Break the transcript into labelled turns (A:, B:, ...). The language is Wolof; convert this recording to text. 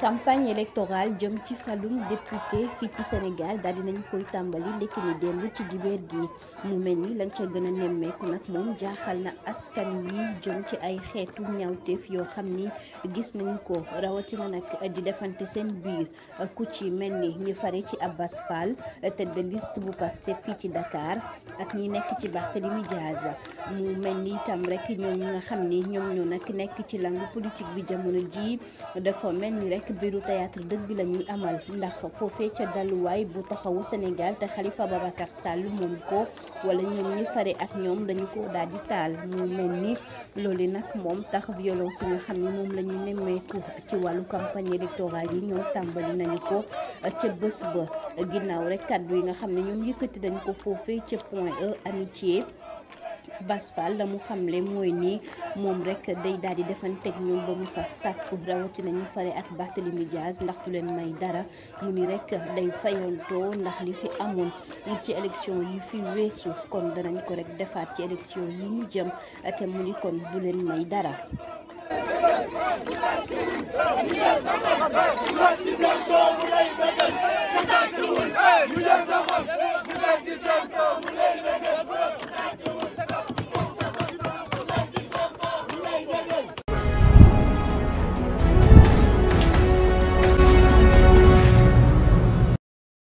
A: campagne électorale jëm ci falum député fii ci Sénégal daal di nañ koy tàmbali ndekki ni démb ci dibeer di mu mel ni lañ ca gën a nemmeeku nag moom jaaxal na askan wi jëm ci ay xeetu ñawteef yoo xam ni gis nañ ko rawatina nag di defante seen biir ku ci mel ni ñu fare ci Abbas Fall tête de liste bu Pastef fii ci dakaar ak ñi nekk ci Barthélémy Dias mu mel ni itam rek ñooñu nga xam ni ñoom ñoo nag nekk ci langue politique bi jamono ji dafa mel ni rek. ak biiru théâtre dëgg la ñuy amal ndax foofee ca dalluwaay bu taxawu Sénégal te Khalifa Babacar Sall moom ko wala ñoom ñi fare ak ñoom dañu ko daal di taal mu mel ni loolu nag moom tax violence yi nga xam ne moom la ñu nemmeeku ci wàllu campagne électorale yi ñoom tàmbali nañu ko ca bés ba ginnaaw rek kàddu yi nga xam ne ñoom yëkkati dañ ko foofee ca point E amitié. Bass Fall mu xamle mooy nii moom rekk day daal di defanteeg ñoom ba mu sax sàkku nañu ñu fare ak Barthélemy midias ndax du leen may dara mu ni rekk day fayantoo ndax li fi amoon ci élection yi fi weesu kon danañ ko rek defaat ci élection yi ñu jëm te mu ni kon du leen may dara.